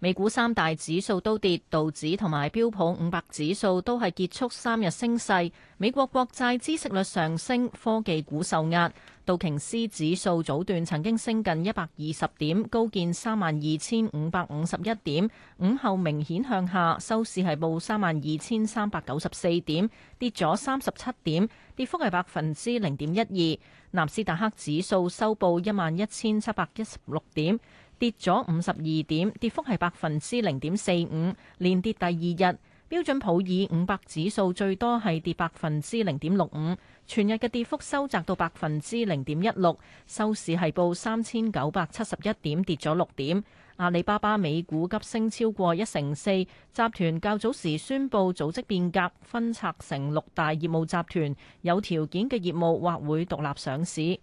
美股三大指數都跌，道指同埋標普五百指數都係結束三日升勢。美國國債孳息率上升，科技股受壓。道瓊斯指數早段曾經升近一百二十點，高見三萬二千五百五十一點，午後明顯向下，收市係報三萬二千三百九十四點，跌咗三十七點，跌幅係百分之零點一二。納斯達克指數收報一萬一千七百一十六點。跌咗五十二點，跌幅係百分之零點四五，連跌第二日。標準普爾五百指數最多係跌百分之零點六五，全日嘅跌幅收窄到百分之零點一六，收市係報三千九百七十一點，跌咗六點。阿里巴巴美股急升超過一成四，集團較早時宣布組織變革，分拆成六大業務集團，有條件嘅業務或會獨立上市。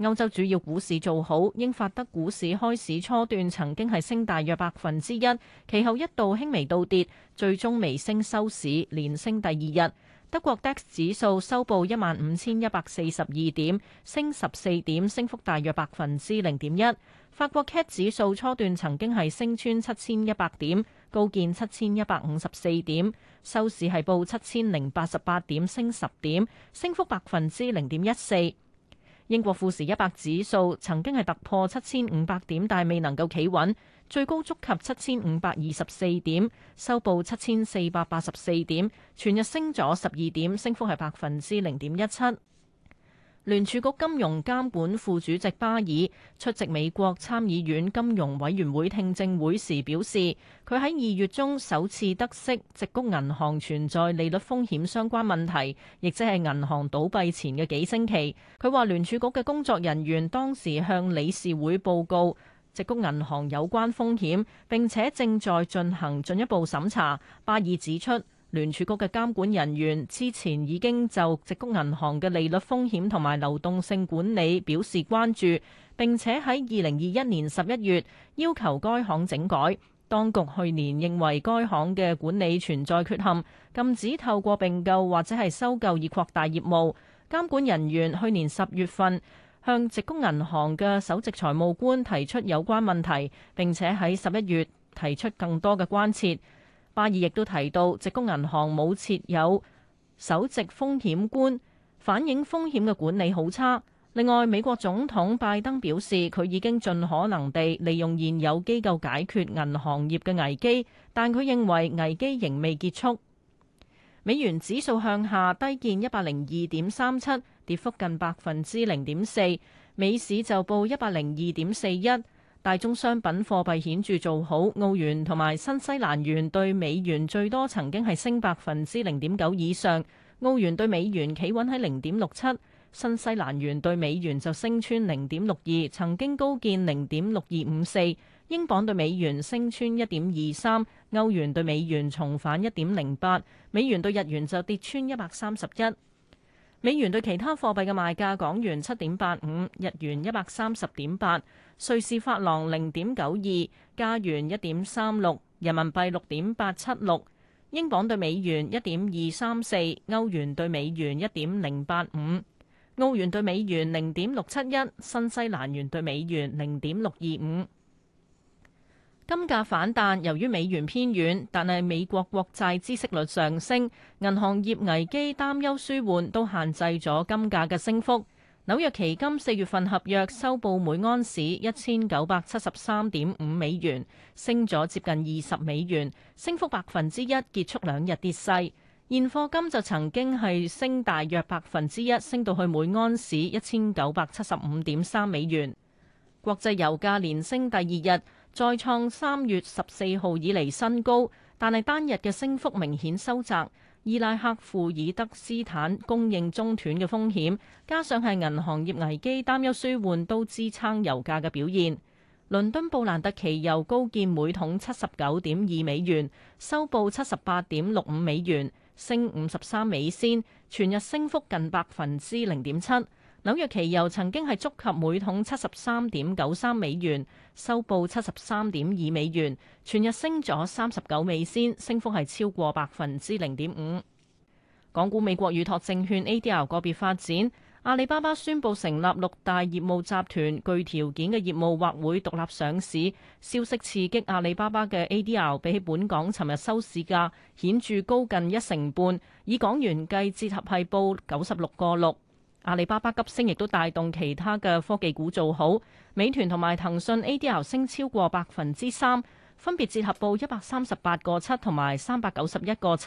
歐洲主要股市做好，英法德股市開市初段曾經係升大約百分之一，其後一度輕微倒跌，最終微升收市，連升第二日。德國 DAX 指數收報一萬五千一百四十二點，升十四點，升幅大約百分之零點一。法國 CAC 指數初段曾經係升穿七千一百點，高見七千一百五十四點，收市係報七千零八十八點，升十點，升幅百分之零點一四。英國富時一百指數曾經係突破七千五百點，但係未能夠企穩，最高觸及七千五百二十四點，收報七千四百八十四點，全日升咗十二點，升幅係百分之零點一七。聯儲局金融監管副主席巴爾出席美國參議院金融委員會聽證會時表示，佢喺二月中首次得悉矽谷銀行存在利率風險相關問題，亦即係銀行倒閉前嘅幾星期。佢話聯儲局嘅工作人員當時向理事會報告矽谷銀行有關風險，並且正在進行進一步審查。巴爾指出，聯儲局嘅監管人員之前已經就矽谷銀行嘅利率風險同埋流動性管理表示關注，並且喺二零二一年十一月要求該行整改。當局去年認為該行嘅管理存在缺陷，禁止透過併購或者係收購而擴大業務。監管人員去年十月份向矽谷銀行嘅首席財務官提出有關問題，並且喺十一月提出更多嘅關切。巴爾亦都提到，矽谷銀行冇設有首席風險官，反映風險嘅管理好差。另外，美國總統拜登表示，佢已經盡可能地利用現有機構解決銀行業嘅危機，但佢認為危機仍未結束。美元指數向下低見一百零二點三七，跌幅近百分之零點四。美市就報一百零二點四一。大宗商品貨幣顯著做好，澳元同埋新西蘭元對美元最多曾經係升百分之零點九以上。澳元對美元企穩喺零點六七，新西蘭元對美元就升穿零點六二，曾經高見零點六二五四。英鎊對美元升穿一點二三，歐元對美元重返一點零八，美元對日元就跌穿一百三十一。美元對其他貨幣嘅賣價：港元七點八五，日元一百三十點八，瑞士法郎零點九二，加元一點三六，人民幣六點八七六，英鎊對美元一點二三四，歐元對美元一點零八五，澳元對美元零點六七一，新西蘭元對美元零點六二五。金價反彈，由於美元偏軟，但係美國國債孳息率上升，銀行業危機擔憂紓緩，都限制咗金價嘅升幅。紐約期金四月份合約收報每安士一千九百七十三點五美元，升咗接近二十美元，升幅百分之一，結束兩日跌勢。現貨金就曾經係升大約百分之一，升到去每安士一千九百七十五點三美元。國際油價連升第二日。再創三月十四號以嚟新高，但係單日嘅升幅明顯收窄。伊拉克庫爾德斯坦供應中斷嘅風險，加上係銀行業危機擔憂舒緩，都支撐油價嘅表現。倫敦布蘭特期油高見每桶七十九點二美元，收報七十八點六五美元，升五十三美仙，全日升幅近百分之零點七。紐約期油曾經係觸及每桶七十三點九三美元，收報七十三點二美元，全日升咗三十九美仙，升幅係超過百分之零點五。港股美國預託證券 ADR 個別發展，阿里巴巴宣布成立六大業務集團，具條件嘅業務或會獨立上市，消息刺激阿里巴巴嘅 ADR 比起本港尋日收市價顯著高近一成半，以港元計，折合係報九十六個六。阿里巴巴急升，亦都帶動其他嘅科技股做好。美團同埋騰訊 ADR 升超過百分之三，分別折合報一百三十八個七同埋三百九十一個七。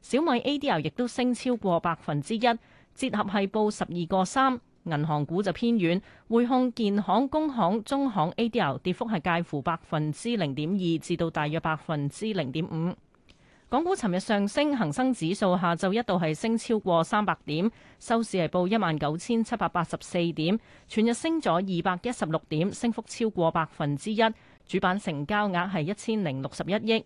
小米 ADR 亦都升超過百分之一，折合係報十二個三。銀行股就偏軟，匯控、建行、工行、中行 ADR 跌幅係介乎百分之零點二至到大約百分之零點五。港股尋日上升，恒生指數下晝一度係升超過三百點，收市係報一萬九千七百八十四點，全日升咗二百一十六點，升幅超過百分之一。主板成交額係一千零六十一億。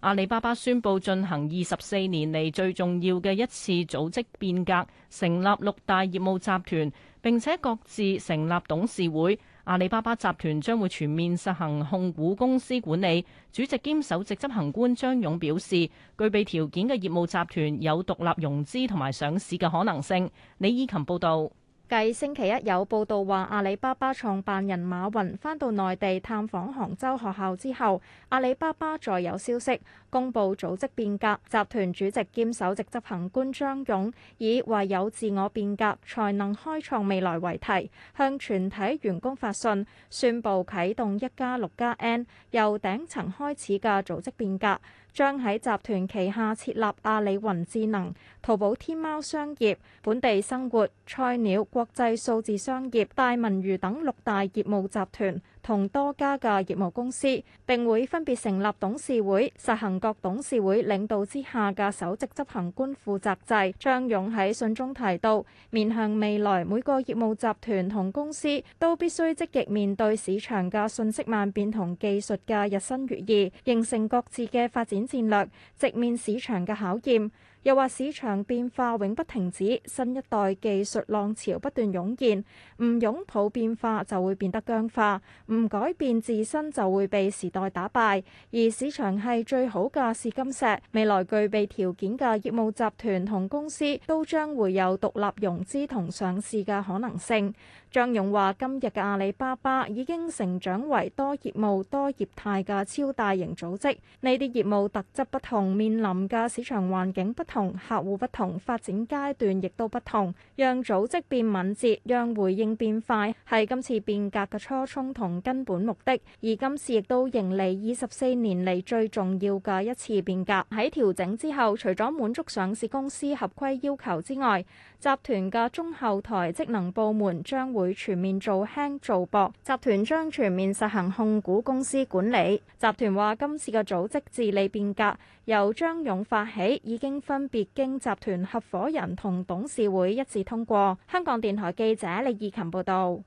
阿里巴巴宣布進行二十四年嚟最重要嘅一次組織變革，成立六大業務集團，並且各自成立董事會。阿里巴巴集團將會全面實行控股公司管理。主席兼首席執行官張勇表示，具備條件嘅業務集團有獨立融資同埋上市嘅可能性。李以琴報導。繼星期一有報道話阿里巴巴創辦人馬雲返到內地探訪杭州學校之後，阿里巴巴再有消息公布組織變革，集團主席兼首席執行官張勇以“唯有自我變革才能開創未來”為題，向全體員工發信，宣布啟動一加六加 N 由頂層開始嘅組織變革。將喺集團旗下設立阿里雲智能、淘寶、天貓商業、本地生活、菜鳥、國際數字商業、大文娛等六大業務集團。同多家嘅業務公司，並會分別成立董事會，實行各董事會領導之下嘅首席執行官負責制。張勇喺信中提到，面向未來，每個業務集團同公司都必須積極面對市場嘅信息萬變同技術嘅日新月異，形成各自嘅發展戰略，直面市場嘅考驗。又話市場變化永不停止，新一代技術浪潮不斷湧現，唔擁抱變化就會變得僵化，唔改變自身就會被時代打敗。而市場係最好嘅試金石，未來具備條件嘅業務集團同公司都將會有獨立融資同上市嘅可能性。張勇話：今日嘅阿里巴巴已經成長為多業務、多業態嘅超大型組織，呢啲業務特質不同，面臨嘅市場環境不同。同客戶不同，發展階段亦都不同，讓組織變敏捷，讓回應變快，係今次變革嘅初衷同根本目的。而今次亦都迎嚟二十四年嚟最重要嘅一次變革。喺調整之後，除咗滿足上市公司合規要求之外，集團嘅中後台職能部門將會全面做輕做薄，集團將全面實行控股公司管理。集團話今次嘅組織治理變革由張勇發起，已經分。分別經集團合伙人同董事會一致通過。香港電台記者李義勤報道。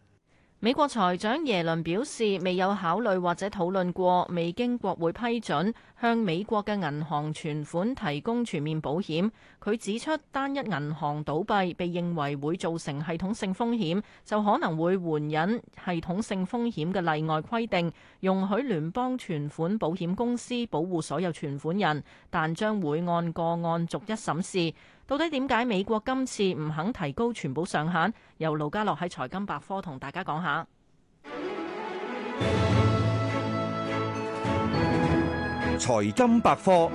美國財長耶倫表示，未有考慮或者討論過未經國會批准向美國嘅銀行存款提供全面保險。佢指出，單一銀行倒閉被認為會造成系統性風險，就可能會援引系統性風險嘅例外規定，容許聯邦存款保險公司保護所有存款人，但將會按個案逐一審視。到底點解美國今次唔肯提高全部上限？由盧家樂喺財金百科同大家講下。財金百科，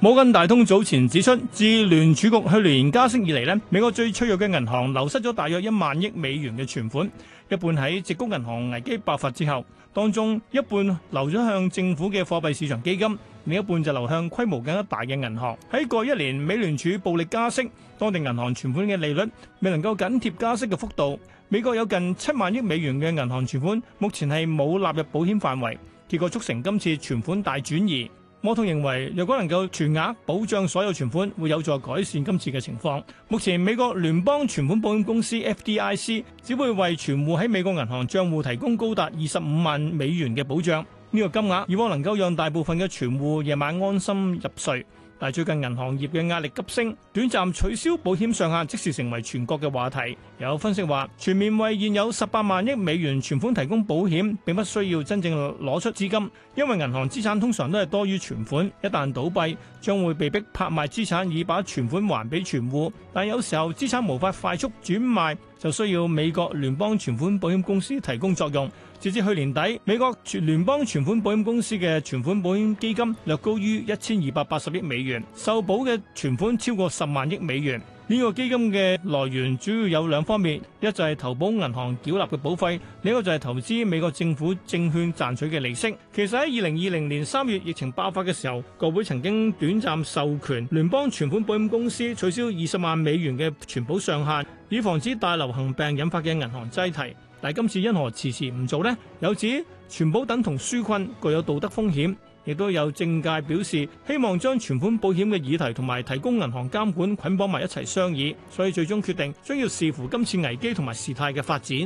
摩根大通早前指出，自聯儲局去年加息以嚟咧，美國最脆弱嘅銀行流失咗大約一萬億美元嘅存款，一半喺直沽銀行危機爆發之後，當中一半流咗向政府嘅貨幣市場基金。另一半就流向規模更加大嘅銀行。喺過一年，美聯儲暴力加息，當地銀行存款嘅利率未能夠緊貼加息嘅幅度。美國有近七萬億美元嘅銀行存款，目前係冇納入保險範圍，結果促成今次存款大轉移。摩通認為，若果能夠全額保障所有存款，會有助改善今次嘅情況。目前美國聯邦存款保險公司 FDIC 只會為存戶喺美國銀行帳戶提供高達二十五萬美元嘅保障。呢個金額以往能夠讓大部分嘅存戶夜晚安心入睡，但係最近銀行業嘅壓力急升，短暫取消保險上限，即時成為全國嘅話題，有分析話全面為現有十八萬億美元存款提供保險並不需要真正攞出資金，因為銀行資產通常都係多於存款，一旦倒閉將會被逼拍賣資產以把存款還俾存戶。但有時候資產無法快速轉賣，就需要美國聯邦存款保險公司提供作用。截至去年底，美國聯邦存款保險公司嘅存款保險基金略高於一千二百八十億美元，受保嘅存款超過十萬億美元。呢個基金嘅來源主要有兩方面，一就係投保銀行繳納嘅保費，另一個就係投資美國政府證券賺取嘅利息。其實喺二零二零年三月疫情爆發嘅時候，國會曾經短暫授權聯邦存款保險公司取消二十萬美元嘅存保上限，以防止大流行病引發嘅銀行擠提。但今次因何遲遲唔做呢？有指全保等同紓困，具有道德風險，亦都有政界表示希望將存款保險嘅議題同埋提供銀行監管捆綁埋一齊商議，所以最終決定將要視乎今次危機同埋事態嘅發展。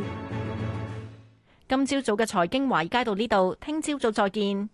今朝早嘅財經華爾街到呢度，聽朝早再見。